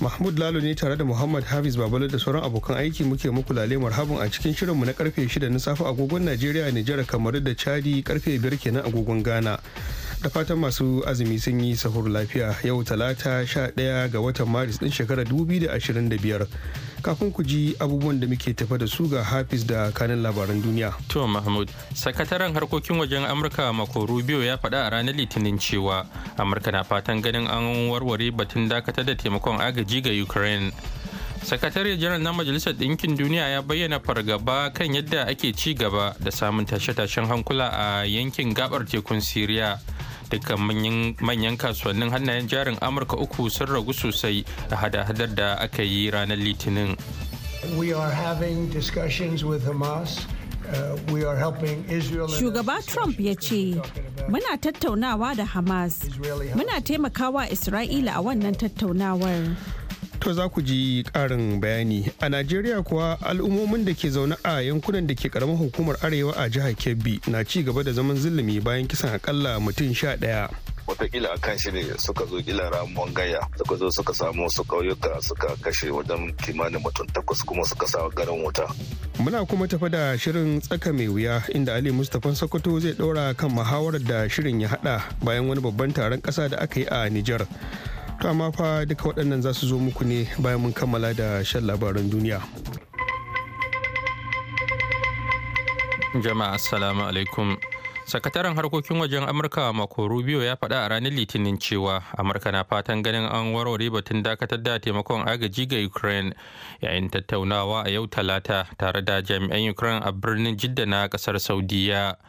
Mahmud Lalo ne tare da Muhammad Hafiz Babalo da sauran abokan aiki muke muku lale marhabin a cikin shirinmu na karfe 6 na safe agogon Najeriya, Nijar, kamar da Chadi karfe 5 kenan agogon Ghana. Da fatan masu azumi sun yi sahur lafiya yau talata sha 11 ga watan Maris din shekarar 2025. kafin ku ji abubuwan da muke tafa da su ga hafiz da kanin labaran duniya. To Mahmud, sakataren harkokin wajen Amurka Mako Rubio ya faɗa a ranar Litinin cewa Amurka na fatan ganin an warware batun dakatar da taimakon agaji ga Ukraine. sakatare janar na majalisar ɗinkin duniya ya bayyana fargaba kan yadda ake ci gaba da samun tashe-tashen hankula a yankin gabar tekun siriya dukkan manyan kasuwannin hannayen jarin amurka uku sun ragu sosai a hada-hadar da aka yi ranar litinin we are having discussions with hamas uh, Shugaba Trump ya ce, Muna tattaunawa da Hamas, muna taimakawa Isra'ila a wannan tattaunawar. To za ku ji ƙarin bayani. A Najeriya kuwa al'ummomin da ke zaune a yankunan da ke karamar hukumar Arewa a jihar Kebbi na ci gaba da zaman zulumi bayan kisan akalla mutum sha ɗaya. wataƙila a kan shi ne suka zo kila ramuwan gaya suka zo suka samu su ƙauyuka suka kashe wajen kimanin mutum takwas kuma suka sa garin wuta. Muna kuma tafi da shirin tsaka mai wuya inda Ali Mustapha Sokoto zai ɗora kan muhawarar da shirin ya haɗa bayan wani babban taron ƙasa da aka yi a Nijar. kama fa duka waɗannan za su zo muku ne bayan mun kammala da shan labaran duniya. Jama'a Assalamu alaikum. Sakataren harkokin wajen Amurka mako Rubio ya faɗa a ranar Litinin cewa Amurka na fatan ganin an warware batun dakatar da taimakon agaji ga Ukraine yayin tattaunawa a yau Talata tare da jami'an Ukraine a birnin Jidda na ƙasar Saudiya.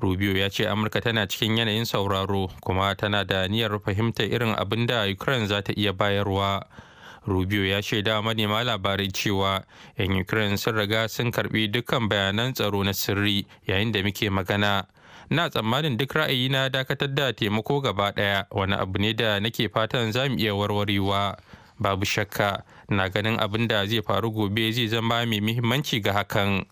rubio ya ce amurka tana cikin yanayin sauraro kuma tana da niyyar fahimtar irin abin da ukraine za ta iya bayarwa rubio ya shaida manema labarai cewa 'yan ukraine sun riga sun karbi dukkan bayanan tsaro na sirri yayin da muke magana na tsammanin duk ra'ayi na dakatar da taimako gaba daya wani abu ne da nake fatan za mu iya warwarewa babu shakka na ganin abin da zai faru gobe zai zama mai muhimmanci ga hakan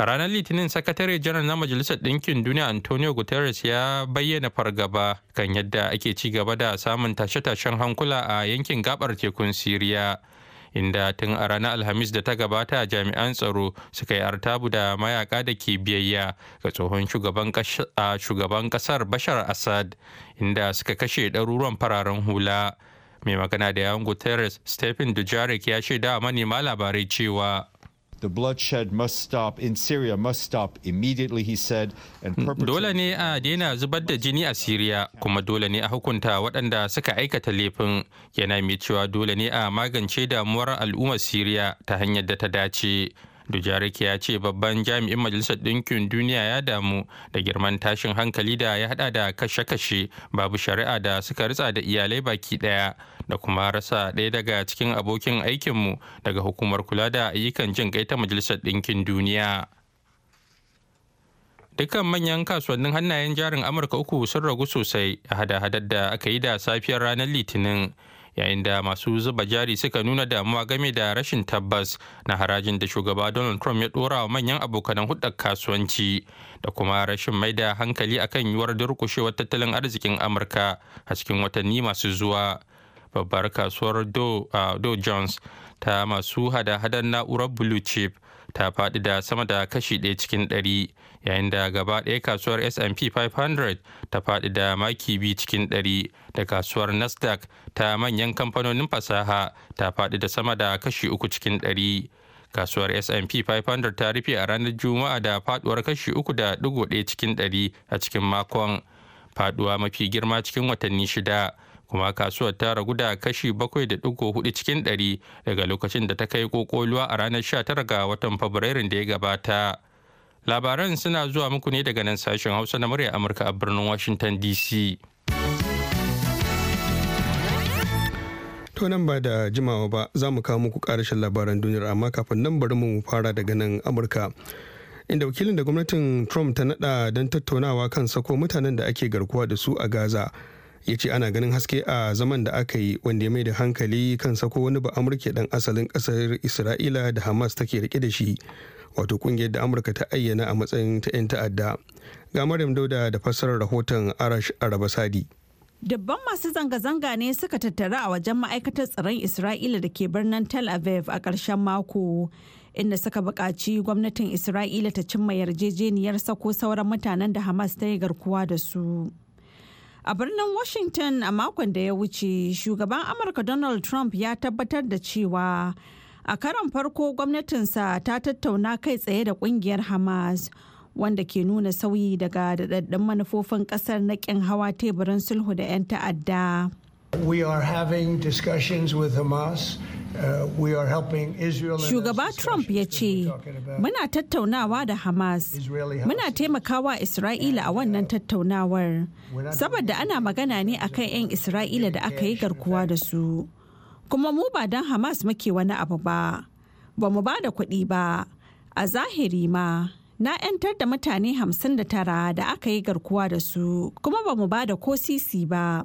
A ranar Litinin sakatare janar na Majalisar Ɗinkin Duniya Antonio Guterres ya bayyana fargaba kan yadda ake ci gaba da samun tashe-tashen hankula a yankin gabar tekun Siriya. Inda tun a ranar Alhamis da ta gabata jami'an tsaro suka yi artabu da mayaka da ke biyayya ga tsohon shugaban kasar Bashar Assad inda suka kashe ɗaruruwan fararen hula. Mai magana da yawon Guterres Stephen dujarik ya shaida manema labarai cewa. Hmm, dole ne a daina zubar da jini a Siriya kuma dole ne a hukunta waɗanda suka aikata laifin yana mai cewa dole ne a magance damuwar al'ummar Siriya ta hanyar da ta dace. dujarric ya ce babban jami'in majalisar ɗinkin duniya ya damu da girman tashin hankali da ya hada da kashe-kashe babu shari'a da suka ritsa da iyalai baki ɗaya da kuma rasa ɗaya daga cikin abokin aikinmu daga hukumar kula da ayyukan jin ta majalisar ɗinkin duniya. dukkan manyan kasuwannin hannayen jarin amurka uku sun ragu sosai a hada-hadar da aka yi da safiyar ranar litinin yayin da masu zuba jari suka nuna damuwa game da rashin tabbas na harajin da shugaba donald trump ya dora wa manyan abokanan hudar kasuwanci da kuma rashin mai da hankali akan yiwuwar durkushewar tattalin arzikin amurka a cikin watanni masu zuwa babbar kasuwar dow jones ta masu hada-hadar na'urar blue chip ta faɗi da sama da kashi ɗaya cikin ɗari yayin da gaba ɗaya kasuwar S&P 500 ta faɗi da maki biyu cikin ɗari da kasuwar Nasdaq ta manyan kamfanonin fasaha ta faɗi da sama da kashi uku cikin ɗari. Kasuwar S&P 500 ta rufe a ranar Juma'a da faɗuwar kashi uku da ɗigo ɗaya cikin ɗari a cikin makon. faduwa mafi girma cikin watanni shida. kuma kasuwar ta ragu da kashi hudu cikin ɗari daga lokacin da ta kai kokoluwa a ranar 19 ga watan fabrairun da ya gabata labaran suna zuwa muku ne daga nan sashen hausa na murya amurka a birnin washington dc to nan ba da jimawa ba za mu kawo muku karashen labaran duniyar amma kafin nan bari mu fara daga nan amurka inda wakilin da gwamnatin trump ta nada don tattaunawa kan sako mutanen da ake garkuwa da su a gaza ya ce ana ganin haske a zaman da aka yi wanda ya mai da hankali kan sako wani ba amurke dan asalin ƙasar isra'ila da hamas take rike da shi wato kungiyar da amurka ta ayyana a matsayin ta 'yan ta'adda ga maryam dauda da fassarar rahoton arash araba sadi Dabban masu zanga-zanga ne suka tattara a wajen ma'aikatar tsaron Isra'ila da ke birnin Tel Aviv a ƙarshen mako, inda suka buƙaci gwamnatin Isra'ila ta cimma yarjejeniyar sako sauran mutanen da Hamas ta yi garkuwa da su. A birnin Washington a makon da ya wuce, shugaban Amurka Donald Trump ya tabbatar da cewa A karon farko gwamnatinsa ta tattauna kai tsaye da kungiyar Hamas wanda ke nuna sauyi daga daɗaɗɗen manufofin ƙasar na ƙin hawa teburin sulhu da 'yan ta'adda. We are having discussions uh, Shugaba Trump ya ce, Muna tattaunawa da Hamas, muna taimakawa Isra'ila a wannan uh, tattaunawar, saboda ana magana ne akan 'yan Isra'ila da aka yi garkuwa da su. kuma mu ba don hamas muke wani abu ba ba mu ba da kuɗi ba a zahiri ma na 'yantar da mutane 59 da aka yi garkuwa da su kuma ba mu ba da ko sisi ba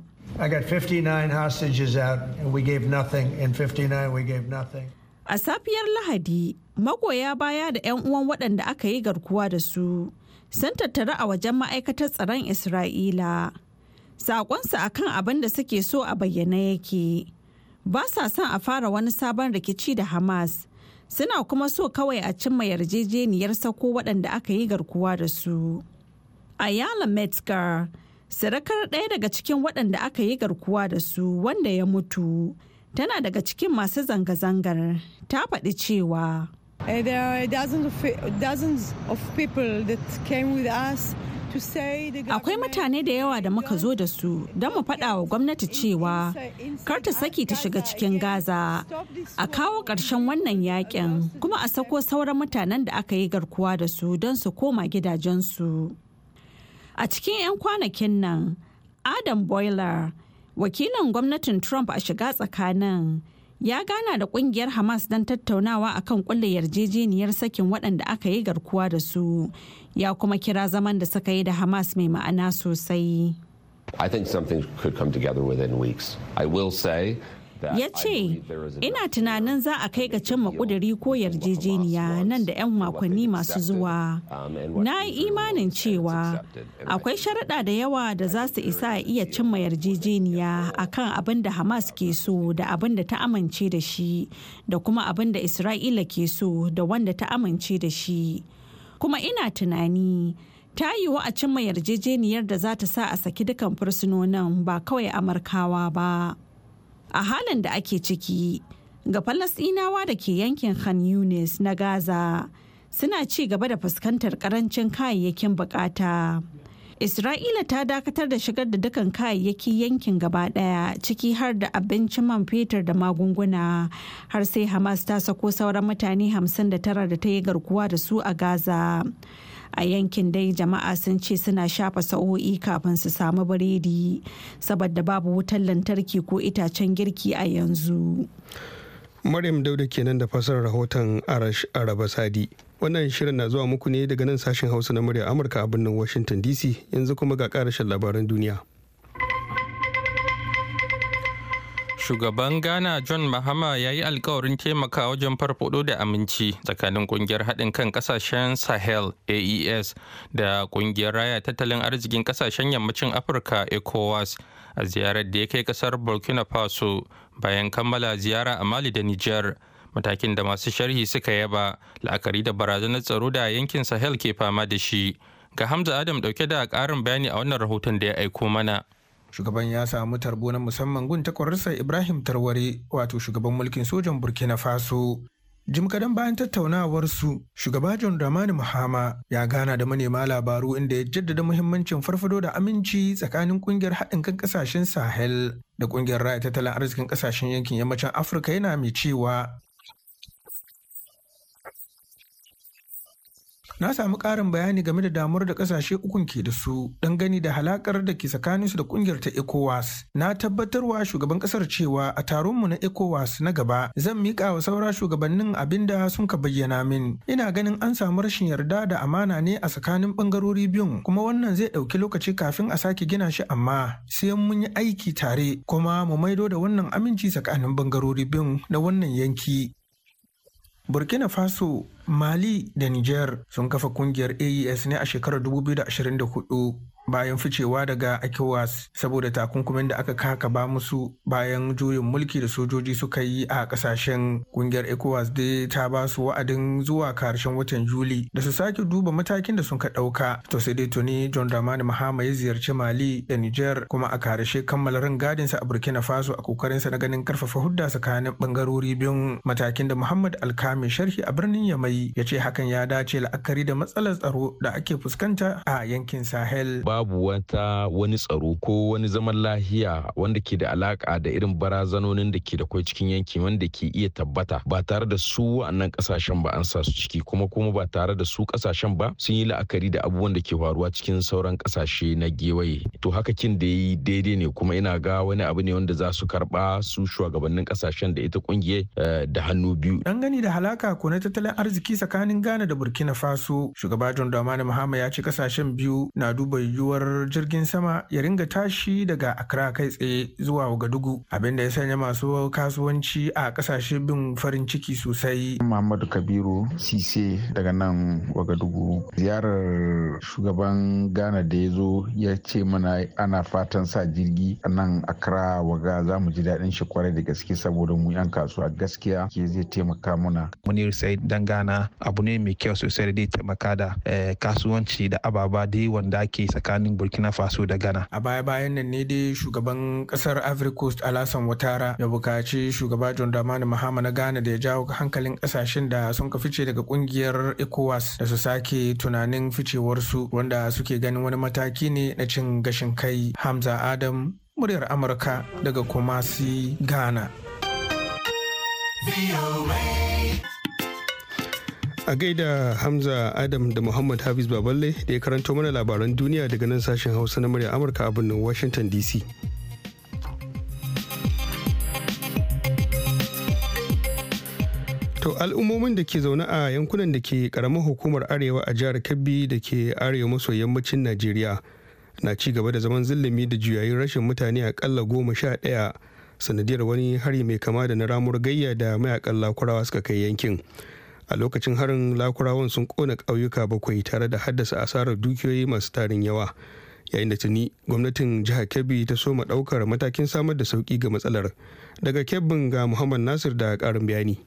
A safiyar Lahadi, magoya baya da 'yan uwan waɗanda aka yi garkuwa da su sun tattari a wajen ma'aikatar tsaron Isra'ila. Saƙonsu akan abin da suke so a bayyana yake. ba sa son a fara wani sabon rikici da hamas suna kuma so kawai a cimma yarjejeniyar sako waɗanda aka yi garkuwa da su ayala metzger sadakar ɗaya daga cikin waɗanda aka yi garkuwa da su wanda ya mutu tana daga cikin masu zanga-zangar ta faɗi cewa eh, there are dozens of, dozens of people that came with us Akwai mutane da yawa da muka zo da su don mu faɗa wa gwamnati cewa kar ta saki ta shiga cikin Gaza a kawo ƙarshen wannan yakin kuma a sako sauran mutanen da aka yi garkuwa da su don su koma gidajensu. A cikin 'yan kwanakin nan, Adam Boiler, wakilin gwamnatin Trump a shiga tsakanin ya gana da kungiyar hamas don tattaunawa akan kulle yarjejeniyar sakin waɗanda aka yi garkuwa da su ya kuma kira zaman da suka yi da hamas mai ma'ana sosai I think something could come together within weeks. I will say ya ce ina tunanin za a kai ga cimma kuduri ko yarjejeniya nan da 'yan makonni masu zuwa um, na yi imanin cewa akwai sharaɗa da yawa da za su isa a iya cimma yarjejeniya a kan abin da hamas ke so da abin da ta amince da shi da kuma abin da isra'ila ke so da wanda ta amince da shi kuma ina tunani ta yi wa a cimma yarjejeniyar da za ta sa a saki dukan fursunonin ba kawai amurkawa ba. a halin da ake ciki ga falastinawa da ke yankin khan yunis na gaza suna ci gaba da fuskantar karancin kayayyakin bukata isra'ila ta dakatar da shigar da dukan kayayyaki yankin gaba daya ciki har da abinci man fetur da magunguna har sai hamas ta sako sauran mutane 59 da ta yi garkuwa da su a gaza a yankin dai jama'a sun ce suna shafa sa'o'i kafin su samu biredi saboda babu wutar lantarki ko itacen girki a yanzu maryam dauda kenan da fasar rahoton araba sadi wannan shirin na zuwa muku ne daga nan sashen hausa na murya amurka a birnin washington dc yanzu kuma ga karashin labaran duniya shugaban ghana john mahama ya yi alkawarin taimaka wajen farfado da aminci tsakanin kungiyar haɗin kan ƙasashen sahel aes da kungiyar raya tattalin arzikin ƙasashen yammacin afirka ecowas a ziyarar da ya kai ƙasar burkina faso bayan kammala ziyara a mali da niger matakin da masu sharhi suka yaba la'akari da barazanar tsaro da yankin sahel ke fama da shi ga hamza adam dauke da ƙarin bayani a wannan rahoton da ya aiko mana shugaban ya samu tarbo na musamman gun takwarsa ibrahim tarware wato shugaban mulkin sojan burkina faso jim kadan bayan su, shugaba john dramani Muhama, ya gana da manema labaru inda ya jaddada muhimmancin farfado da aminci tsakanin kungiyar haɗin kan ƙasashen sahel da kungiyar raya tattalin arzikin ƙasashen yankin yammacin afirka yana mai cewa na samu ƙarin bayani game da damuwar da ƙasashe ukun ke da su Don gani da halakar da ke tsakaninsu da kungiyar ta ECOWAS. Na tabbatarwa shugaban ƙasar cewa a taron mu na ECOWAS na gaba zan miƙa wa saura shugabannin abin da sun ka bayyana min. Ina ganin an samu rashin yarda da amana ne a tsakanin ɓangarori biyun kuma wannan zai ɗauki lokaci kafin a sake gina shi amma sai mun yi aiki tare kuma mu maido da wannan aminci tsakanin ɓangarori biyun na wannan yanki. burkina faso mali da niger sun kafa kungiyar aes ne a shekarar 2024 bayan ficewa daga ECOWAS saboda takunkumin da aka kaka ba musu bayan juyin mulki da sojoji suka yi a kasashen kungiyar ECOWAS dai ta ba su wa'adin zuwa karshen watan Juli da su sake duba matakin da sun ka ɗauka. To sai dai tuni John Dramani Mahama ya ziyarci Mali da Niger kuma a karshe kammala rangadinsa a Burkina Faso a kokarin sa na ganin karfafa hudda tsakanin bangarori biyun matakin da Muhammad Alkami sharhi a birnin Yamai ya ce hakan ya dace la'akari da matsalar tsaro da ake fuskanta a yankin Sahel. babu wata wani tsaro ko wani zaman lahiya wanda ke da alaka da irin barazanonin da ke da kwai cikin yanki wanda ke iya tabbata ba tare da su wa'annan kasashen ba an sa su ciki kuma kuma ba tare da su kasashen ba sun yi la'akari da abubuwan da ke faruwa cikin sauran kasashe na gewaye to haka kin da yi daidai ne kuma ina ga wani abu ne wanda za su karba su shugabannin kasashen da ita kungiyar eh, da hannu biyu dan gani da halaka ko na tattalin arziki tsakanin Ghana da Burkina Faso shugaba John Dramani Mahama ya ce kasashen biyu na duba yiwu yiwuwar jirgin sama ya ringa tashi daga Accra kai tsaye zuwa Wagadugu abin da ya sanya masu kasuwanci a kasashe bin farin ciki sosai. Muhammadu Kabiru Sise daga nan Wagadugu ziyarar shugaban Ghana da ya zo ya ce mana ana fatan sa jirgi a nan Accra Waga za mu ji daɗin shi kwarai da gaske saboda mu 'yan kasuwa gaskiya ke zai taimaka mana Munir Said dan abu ne mai kyau sosai da zai taimaka da eh, kasuwanci da ababa dai wanda ake saka. tsakanin burkina faso da ghana a baya bayan nan ne dai shugaban kasar ivory coast alasan watara ya bukaci shugaba john dramani mahama na ghana da ya jawo hankalin kasashen da sun ka fice daga kungiyar ecowas da su sake tunanin ficewarsu wanda suke ganin wani mataki ne na cin gashin kai hamza adam muryar amurka daga kumasi ghana a gaida hamza adam da muhammad hafiz baballe da ya karanto mana labaran duniya daga nan sashen hausa na murya amurka a birnin washington dc to al'ummomin da ke zaune a yankunan da ke karamar hukumar arewa a jihar kebbi da ke arewa maso yammacin najeriya na ci gaba da zaman zillimi da juyayin rashin mutane a kalla goma sha ɗaya sanadiyar wani hari mai kama da na ramur gayya da mayakan lakurawa suka kai yankin a lokacin harin lakurawan sun kona ƙauyuka bakwai tare da haddasa asarar dukiyoyi masu tarin yawa yayin da tuni gwamnatin jihar kebbi ta soma ɗaukar matakin samar da sauki ga matsalar daga kebbin ga muhammad nasir da ƙarin bayani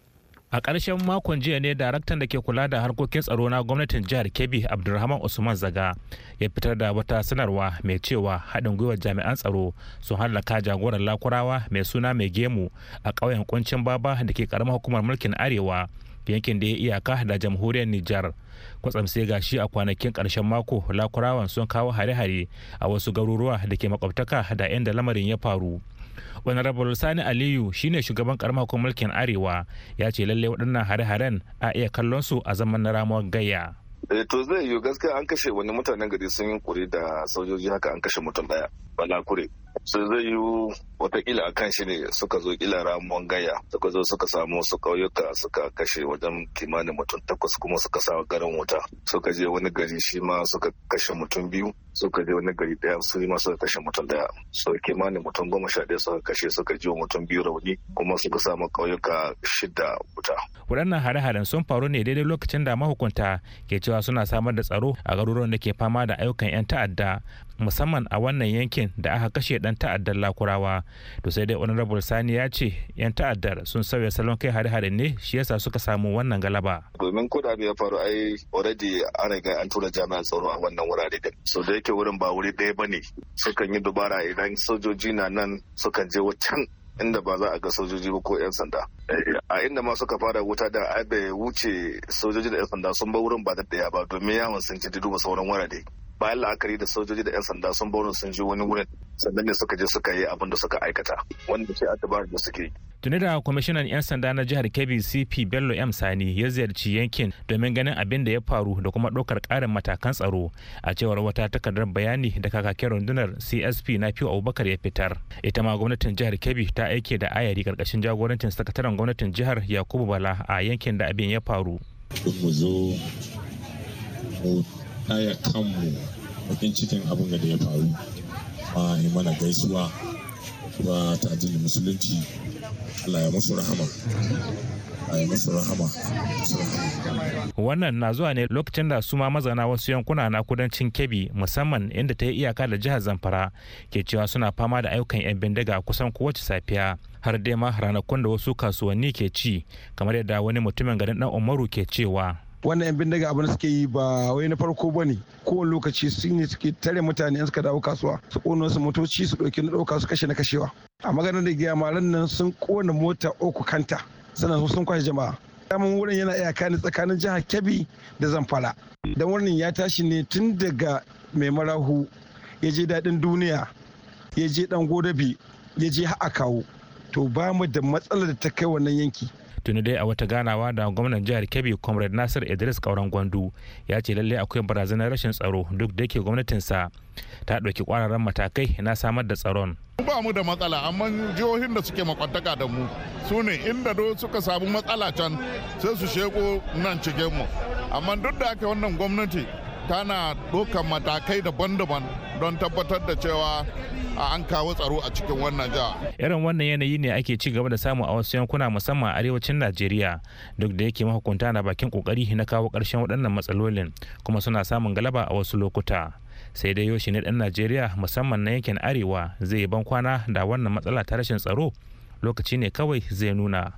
a ƙarshen makon jiya ne daraktan da ke kula da harkokin tsaro na gwamnatin jihar kebbi abdulrahman usman zaga ya fitar da wata sanarwa mai cewa haɗin gwiwar jami'an tsaro sun hallaka jagoran lakurawa mai suna mai gemu a ƙauyen kuncin baba da ke ƙaramar hukumar mulkin arewa yankin da ya iyaka da jamhuriyar Nijar. Kwatsam sai gashi a kwanakin karshen mako lakurawan sun kawo hare-hare a wasu garuruwa da ke makwabtaka da inda lamarin ya faru. Honorable Sani Aliyu shine shugaban karamakon mulkin Arewa ya ce lallai waɗannan hare-haren a iya kallon su a zaman na ramuwar gayya. Eh, to zai yiwu gaskiya an kashe wani mutanen gari sun yi kuri da sojoji haka an kashe mutum daya ba kure so zai yiwu watakila a kan shi ne suka zo kila ramuwan gaya suka zo suka samu su kauyuka suka kashe wajen kimanin mutum takwas kuma suka sa garin wuta suka je wani gari shi ma suka kashe mutum biyu suka je wani gari daya su ma suka kashe mutum daya so kimanin mutum goma sha ɗaya suka kashe suka ji mutum biyu rauni kuma suka samu kauyuka shida wuta. waɗannan hare-haren sun faru ne daidai lokacin da mahukunta ke cewa suna samar da tsaro a garuruwan da ke fama da ayyukan 'yan ta'adda musamman a wannan yankin da aka kashe ɗan ta'addan lakurawa to sai dai honorable sani ya ce yan ta'addar sun sauya salon kai hare-hare ne shi yasa suka samu wannan galaba domin ko da ya faru ai already an riga an tura jami'an tsaro a wannan wurare din so da yake wurin ba wuri ɗaya bane sukan yi dubara idan sojoji na nan sukan je wancan inda ba za a ga sojoji ko 'yan sanda a inda ma suka fara wuta da abe wuce sojoji da 'yan sanda sun bar wurin ba da daya ba domin yawon sun ci duba sauran wurare bayan la'akari da sojoji da 'yan sanda sun bono sun ji wani wurin sannan ne suka je suka yi abin da suka aikata wanda ce dabarar da suke tuni da kwamishinan 'yan sanda na jihar kebbi cp bello m sani ya ziyarci yankin domin ganin abin da ya faru da kuma ɗaukar ƙarin matakan tsaro a cewar wata takardar bayani da kakakin rundunar csp na fiyo abubakar ya fitar ita ma gwamnatin jihar kebbi ta aike da ayari karkashin jagorancin sakataren gwamnatin jihar yakubu bala a yankin da abin ya faru taya kanmu bakin cikin abin da ya faru a mana gaisuwa ba ta musulunci Allah ya musu rahama Wannan na zuwa ne lokacin da su ma mazana wasu yankuna na kudancin Kebbi musamman inda ta yi iyaka da jihar Zamfara ke cewa suna fama da ayyukan 'yan bindiga kusan kowace safiya har dai ma ranakun da wasu kasuwanni ke ci kamar yadda wani mutumin garin dan Umaru ke cewa wannan yan bindiga abin da suke yi ba wai na farko ba ne kowane lokaci su ne suke tare mutane in suka dawo kasuwa su kona su motoci su ɗauki na ɗauka su kashe na kashewa a maganar da gyamaran nan sun kona mota uku kanta sannan sun kwashe jama'a daman wurin yana iyaka ne tsakanin jihar kebbi da zamfara don wurin ya tashi ne tun daga mai marahu ya je daɗin duniya ya je ɗan godabi ya je ha'a kawo to ba mu da matsalar da ta kai wannan yanki tuni dai a wata ganawa da gwamnan jihar kebbi comrade nasir idris kauran gwandu ya ce lallai akwai barazanar rashin tsaro duk da ke gwamnatinsa ta ɗauki ƙwararren matakai na samar da tsaron ba mu da matsala amma jihohin da suke makwantaka da mu su ne inda do suka samu matsala can sai su sheko nan cikin mu amma duk da aka wannan gwamnati tana ɗaukar matakai daban-daban don tabbatar da cewa an kawo tsaro a cikin wannan jiha. Irin wannan yanayi ne ake ci gaba da samu a wasu yankuna musamman a arewacin Najeriya duk da yake mahukunta na bakin kokari na kawo ƙarshen waɗannan matsalolin kuma suna samun galaba a wasu lokuta. Sai dai yaushe ne ɗan Najeriya musamman na yankin Arewa zai ban kwana da wannan matsala ta rashin tsaro lokaci ne kawai zai nuna.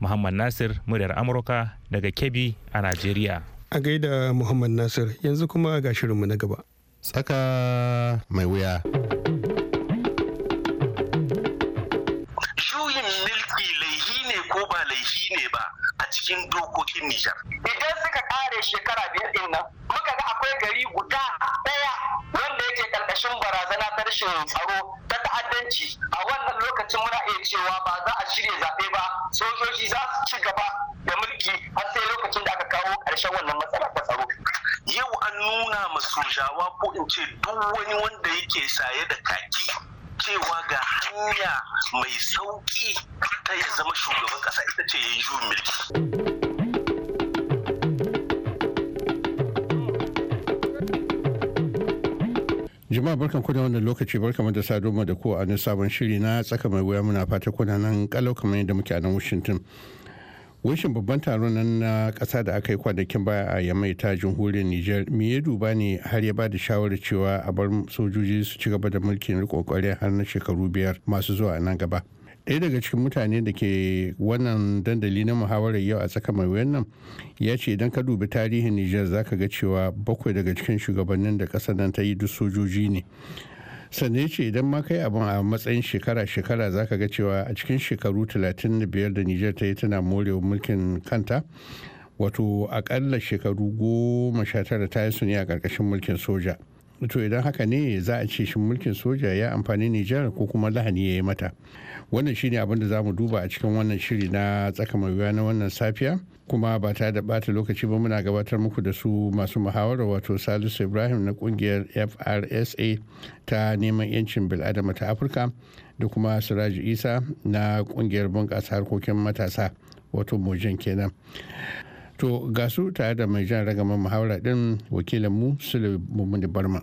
Muhammad Nasir muryar Amurka daga Kebbi a Najeriya. a gaida muhammad nasir yanzu kuma ga shirinmu na gaba tsaka mai wuya juyin milki laihi ne ko ba laihi ne ba a cikin dokokin nijar idan suka kare shekara biyar din nan muka ga akwai gari guda daya lokacin barazana ta rashin tsaro ta ta'addanci a wannan lokacin muna iya cewa ba za a shirya zaɓe ba sojoji za su ci gaba da mulki har sai lokacin da aka kawo ƙarshen wannan matsalar ta tsaro yau an nuna ma sojawa ko in ce duk wani wanda yake saye da kaki cewa ga hanya mai sauƙi ta ya zama shugaban ƙasa ita ce ya yi mulki. jima barkan kuna da wannan lokaci barkan da sadu mu da ko a sabon shiri na tsaka mai wuya muna fata kuna nan kalau kamar yadda muke a nan Washington. Wishin babban taron nan na kasa da aka yi kwanakin baya a Yamai ta jamhuriyar niger me ya duba ne har ya ba da shawarar cewa a bar sojoji su ci gaba da mulkin riƙon har na shekaru biyar masu zuwa nan gaba. ɗaya daga cikin mutane da ke wannan dandali na muhawarar yau a tsaka mai wannan ya ce idan ka dubi tarihin nijar zaka ga cewa bakwai daga cikin shugabannin da ƙasar nan ta yi duk sojoji ne sannan ce idan ma kai abin a matsayin shekara-shekara zaka ga cewa a cikin shekaru 35 da nijar ta yi tana morewa mulkin kanta wato aƙalla shekaru goma sha tara ta yi su ne a ƙarƙashin mulkin soja to idan haka ne za a ce shi mulkin soja ya amfani nijar ko kuma lahani ya yi mata wannan shine abin da za mu duba a cikin wannan shiri na tsaka mai na wannan safiya kuma ba ta da bata lokaci ba muna gabatar muku da su masu muhawara wato salisu ibrahim na kungiyar frsa ta neman yancin bil'adama ta afirka da kuma siraji isa na kungiyar bunƙasa harkokin matasa wato mojin kenan to gasu tare da mai jan ragaman muhawara din wakilinmu mu mummuni barma.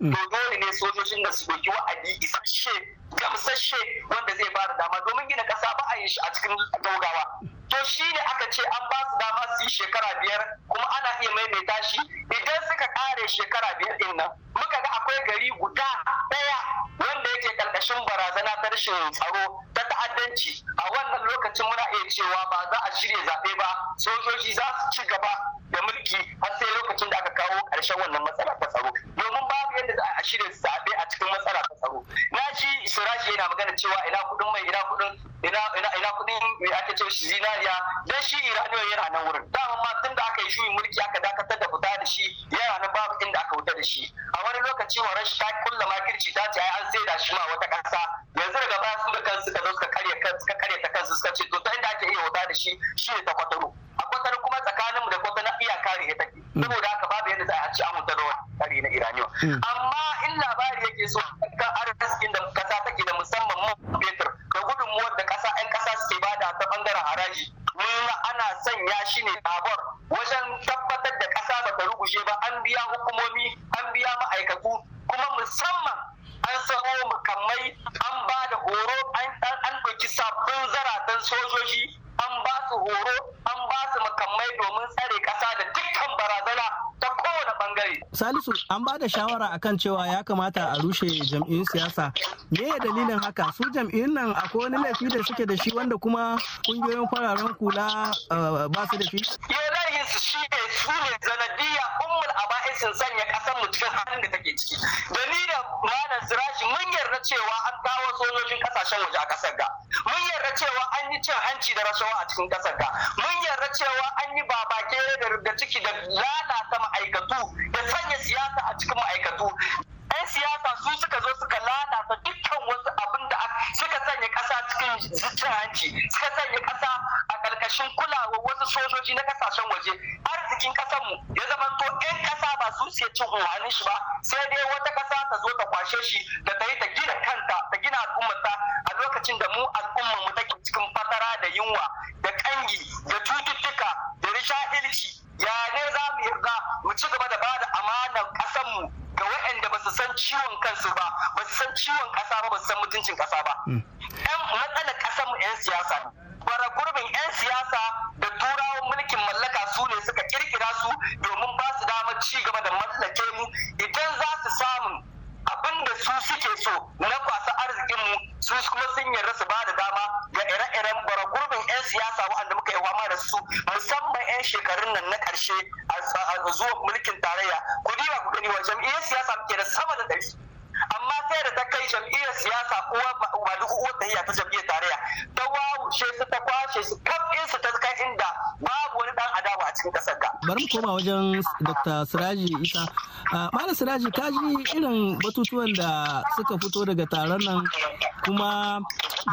Mm. to dole ne sojojin da su doki wa'adi isasshe gamsasshe wanda zai ba da dama domin gina kasa ba a yi shi a cikin gaugawa to shi ne aka ce an ba su dama su yi shekara biyar kuma ana iya maimaita shi idan suka kare shekara biyar din nan muka ga akwai gari guda ɗaya wanda yake karkashin barazana ta rashin tsaro ta ta'addanci a wannan lokacin muna iya cewa ba za a shirya zaɓe ba sojoji za su ci gaba da mulki har sai lokacin da aka kawo ƙarshen wannan matsala ta tsaro domin babu yadda za a shirya zaɓe a cikin matsala ta tsaro na ji surashi yana magana cewa ina kuɗin mai ina kuɗin ina ina ina kuɗin mai ake cewa shi zinariya dan shi iraniyo yana nan wurin dama ma tun da aka yi juyin mulki aka dakatar da fita da shi yana nan babu inda aka wuta da shi a wani lokaci horon shi ta kulla makirci ta ce ai an saida shi ma wata ƙasa yanzu daga baya su da kansu suka zo suka karya suka karya ta kansu suka ce to ta inda ake iya wuta da shi shi ne ta kwatoro a kwataro kuma tsakaninmu da kwatoro iyaka ne take mm. saboda haka babu yadda za a ci amince da wani tsari na iraniyo mm. amma in labari yake so kan arzikin da kasa take da musamman man fetur da gudunmuwar da kasa 'yan kasa suke bada ta bangaren haraji nuna ana sanya shi ne babur wajen tabbatar da kasa ba ta rugushe ba an biya hukumomi an biya ma'aikatu kuma musamman an samo mukammai an ba da horo an ɗauki sabbin zaratan sojoji an ba su horo an ba su makamai domin tsare kasa da dukkan barazana ta kowane bangare. Salisu an ba da shawara kan cewa ya kamata a rushe jam'iyyun siyasa. Me ya dalilin haka su jam'iyyun nan akwai wani laifi da suke da shi wanda kuma kungiyoyin fararen kula eh, ba su da shi? Ya su shi ne su ne zanadiyya sun sanya kasar mu cikin halin da take ciki da ni da malam sirashi mun yarda cewa an kawo sojojin kasashen waje a kasar ga mun yarda cewa an yi cin hanci da rashawa a cikin kasar ga mun yarda cewa an yi babake da ciki da lalata ma'aikatu da sanya siyasa a cikin ma'aikatu 'yan siyasa su suka zo suka lalata dukkan wasu abin da suka sanya ƙasa cikin cin hanci suka sanya ƙasa a ƙarƙashin kulawa wasu sojoji na ƙasashen waje arzikin mu ya zama to 'yan ƙasa ba su siya cin umarnin shi ba sai dai wata ƙasa ta zo ta kwashe shi da ta yi ta gina kanta ta gina al'ummarta a lokacin da mu al'ummar mu take cikin fatara da yunwa da ƙangi da cututtuka da rishahilci ya ne za mu yarda mu ci gaba da bada amanar mu ga waɗanda ba su san ciwon kansu ba ba su san ciwon ƙasa ba ba su san mutuncin ƙasa ba hmm. ɗan matsalar ƙasanmu 'yan siyasa bara gurbin 'yan siyasa da turawan mulkin mallaka su ne suka kirkira su domin ba su damar ci gaba da mallake mu idan za su samu wanda da su suke so na kwasa arzikin mu su kuma sun yarda su ba da dama ga ire-iren bara gwara-gurbin 'yan siyasa waɗanda muka yi wama da su musamman 'yan shekarun nan na karshe a zuwa mulkin tarayya ku diba ku gani wa jam'iyyar siyasa muke da sama da ɗari sai da ta kai jam'iyyar siyasa uwa madugu uwar tahiya ta jam'iyyar tarayya ta wawushe su ta kwashe su kaf su ta kai inda babu wani dan adawa a cikin kasar ka. bari mu koma wajen dr siraji isa ah, malam siraji ka ji irin batutuwan da suka fito daga taron nan kuma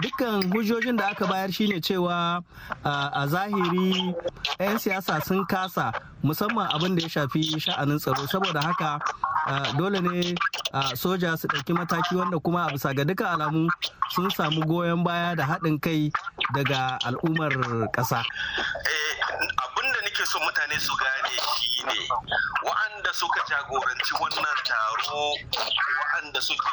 dukkan hujjojin da aka bayar shine cewa ah, a zahiri 'yan siyasa sun kasa musamman abin da ya shafi sha'anin tsaro saboda haka dole ne soja su ɗauki mataki wanda kuma a bisa ga duka alamu sun samu goyon baya da haɗin kai daga al'ummar ƙasa. Eh, Abinda nake so mutane su gane shi ne wa'anda suka jagoranci wannan taro wa'anda suke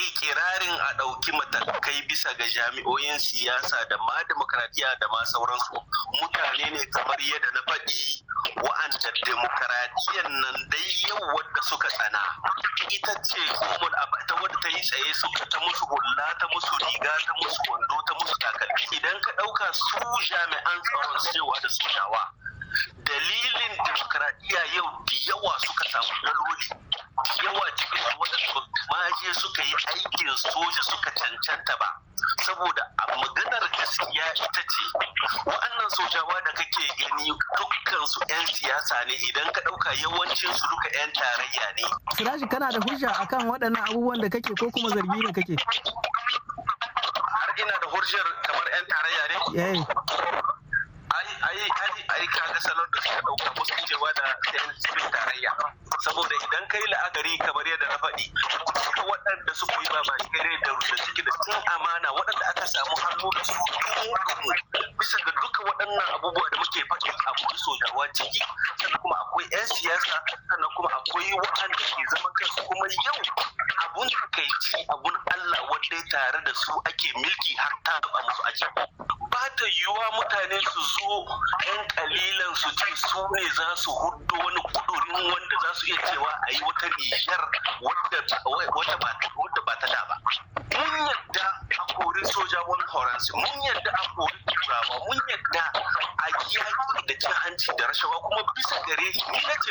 ikirarin a ɗauki matakai bisa ga jami'oyin siyasa da ma demokradiyya da ma sauransu mutane ne kamar yadda na faɗi wa'anda demokradiyyan nan dai yau wadda suka tsana ita ce a ta wadda ta yi tsaye su ta musu hula ta musu riga ta musu wando ta musu takalmi idan ka ɗauka su jami'an tsaron cewa da su dalilin demokradiyya yau da yawa suka samu daloli yawa cikin waɗansu maje suka yi aikin soja suka cancanta ba saboda a maganar gaskiya ita ce wa'annan sojawa da kake gani dukkan su 'yan siyasa ne idan ka ɗauka yawancin su duka 'yan tarayya ne. Siraji kana da hujja akan waɗannan abubuwan da kake ko kuma zargi da kake? Har ina da hujjar kamar 'yan tarayya ne? Eh. ai ga salon da suka dauka ba cewa da sayan cikin tarayya saboda idan kai la'akari kamar yadda na faɗi duka waɗanda su koyi ba baki da da ciki da tun amana waɗanda aka samu hannu da su bisa ga duka waɗannan abubuwa da muke faɗi akwai sojawa ciki sannan kuma akwai 'yan siyasa sannan kuma akwai waɗanda ke zama kansu kuma yau abun takaici abun Allah wanda tare da su ake milki har ta gaba musu ake ba yiwuwa mutane su zo yan kalilan su ce su ne za su hudu wani kudurin wanda za su iya cewa a yi wata niyyar wadda ba ta da ba mun yadda a kori soja wani horansu mun yadda a kori turawa mun yadda a yaki da cin hanci da rashawa kuma bisa gare ni na ce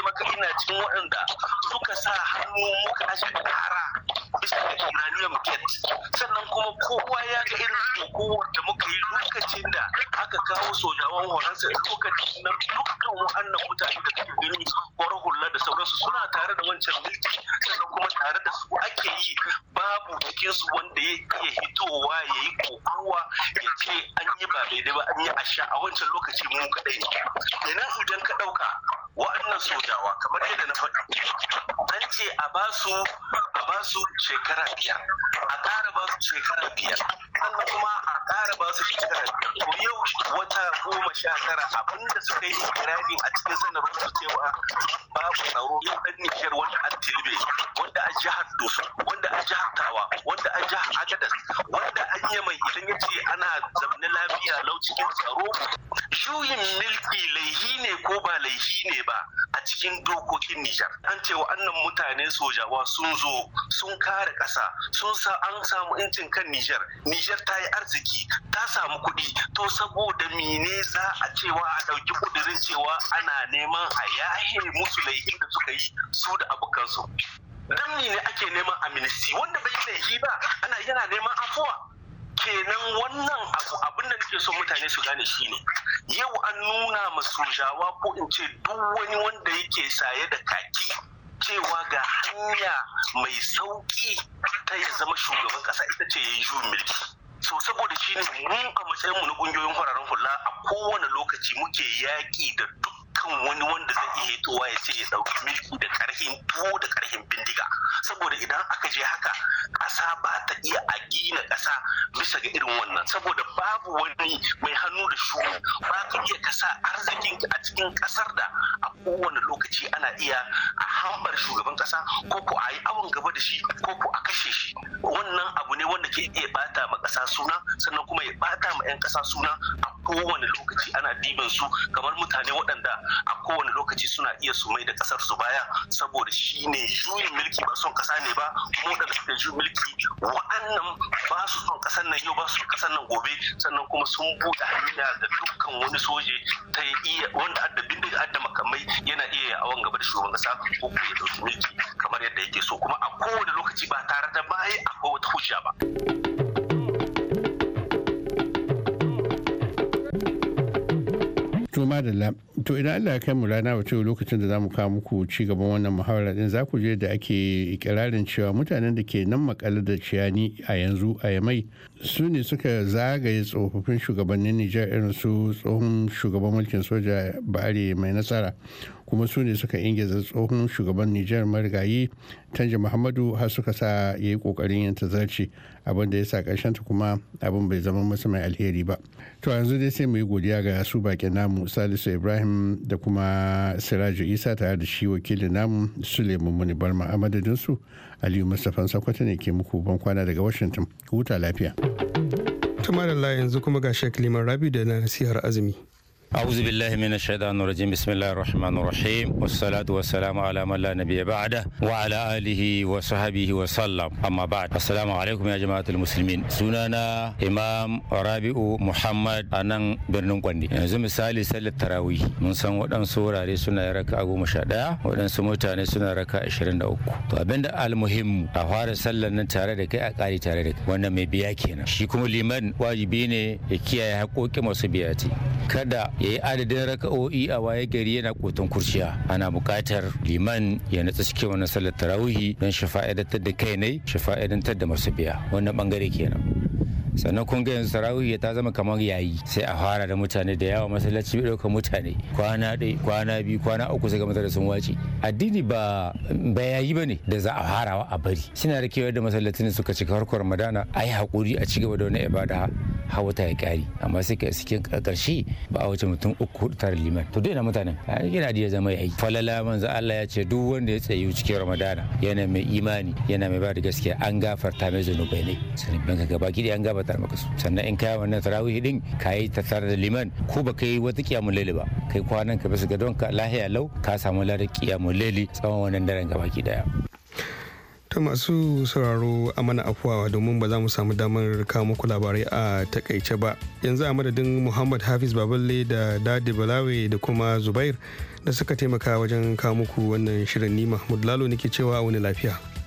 Nijar wanda an Tilbe, wanda an jihar Doso, wanda an jihar Tawa, wanda an jihar Agadas, wanda an yi mai idan ya ce ana zamne lafiya lau cikin tsaro. Juyin milki laihi ne ko ba laihi ne ba a cikin dokokin Nijar. An ce wa 'annan mutane sojawa sun zo sun kare ƙasa sun sa an samu incin kan Nijar. Nijar ta yi arziki ta samu kuɗi to saboda mine za a cewa a ɗauki ganin cewa ana neman a yaye musu laifin da suka yi su da abokansu dan ne ake neman amnesty wanda bai laifi ba ana yana neman afuwa kenan wannan abu abin da nake so mutane su gane shi ne yau an nuna masu jawa ko in ce duk wani wanda yake saye da kaki cewa ga hanya mai sauki ta ya zama shugaban kasa ita ce ya yi mulki so saboda shi ne mu a matsayinmu na ƙungiyoyin fararen hula a kowane lokaci muke yaƙi da duk Kan wani wanda zai iya hitowa ya ce ya ɗauki milku da ƙarhin tuwo da ƙarhin bindiga saboda idan aka je haka ƙasa ba ta iya a gina ƙasa bisa ga irin wannan saboda babu wani mai hannu da shuru ba ka iya kasa arzikin a cikin ƙasar da a kowane lokaci ana iya a hambar shugaban ƙasa ko ko a yi awon gaba da shi ko ko a kashe shi wannan abu ne wanda ke iya bata ma ƙasa suna sannan kuma ya bata ma 'yan ƙasa suna a kowane lokaci ana diban su kamar mutane waɗanda a kowane lokaci suna iya su mai da kasar su baya saboda shi ne juyin mulki ba son kasa ne ba kuma da suka juyin mulki waɗannan ba su son kasar nan yau ba su kasar nan gobe sannan kuma sun buɗe hanya ga dukkan wani soje ta iya wanda adda bindiga adda makamai yana iya awan gaba da shugaban kasa ko kuma ya dauki mulki kamar yadda yake so kuma a kowane lokaci ba tare da baya akwai wata hujja ba. to madalla to idan allah ya kai mu rana wato lokacin da za mu kawo muku ci gaban wannan muhawara din za ku je da ake ikirarin cewa mutanen da ke nan makalar da ciyani a yanzu a yamai su ne suka zagaye tsofaffin shugabannin nijar irin su tsohon shugaban mulkin soja bare mai nasara kuma su ne suka ingiza tsohon shugaban nijar marigayi tanji muhammadu har suka sa ya yi kokarin yin tazarci abin da ya sa ta kuma abin bai zama masa mai alheri ba to yanzu dai sai mu yi godiya ga su bakin namu salisu ibrahim da kuma siraju isa tare da shi wakilin namu suleiman muni barma a su aliyu mustapha sakwata ne ke muku ban kwana daga washington huta lafiya ta yanzu kuma ga shek liman rabi da na nasihar azumi أعوذ بالله من الشيطان الرجيم بسم الله الرحمن الرحيم والصلاة والسلام على من لا نبي بعده وعلى آله وصحبه وسلم أما بعد السلام عليكم يا جماعة المسلمين سنانا إمام رابع محمد أنان برنون قندي yanzu misali sallar tarawih mun san waɗansu wurare suna raka goma sha ɗaya waɗansu mutane suna raka ashirin da uku to abinda almuhimmu a fara sallar nan tare da kai a ƙari tare da kai wannan mai biya kenan shi kuma liman wajibi ne ya kiyaye haƙoƙi masu biyati kada ya yi adadin raka'o'i a waye gari yana kotun kurciya ana buƙatar liman ya natsa cikin wannan sallar don shafa'idantar da kai ne shafa'idantar da masu biya wannan bangare kenan sannan kun ga yanzu ta zama kamar yayi sai a fara da mutane da yawa masallaci bai ɗauka mutane kwana ɗaya kwana biyu kwana uku sai ga da sun wace addini ba ba yayi bane da za a farawa a bari suna da kewa da masallacin suka cika harkar madana a yi haƙuri a cigaba da wani ibada hawa ta ya ƙari amma sai ka cikin ƙarshe ba a wuce mutum uku hudu tare liman to dai na mutanen yana da ya zama yayi falala manzo Allah ya ce duk wanda ya tsayu cikin ramadana yana mai imani yana mai ba da gaskiya an gafarta mai zunubai ne sanin banka gaba gidi an gafarta maka su sannan in kai wannan tarawih din ka yi ta tare da liman ko ba kai wata kiyamun laili ba kai kwanan ka bisa gadon ka lahiya lau ka samu ladar kiyamun laili tsawon wannan daren gabaki daya ta masu sauraro a mana afuwa domin ba za mu samu damar kawo muku labarai a takaice ba yanzu a madadin muhammad hafiz baballe da dadi balawe da kuma zubair da suka taimaka wajen kawo muku wannan shirin ni mahmud lalo nake cewa wani lafiya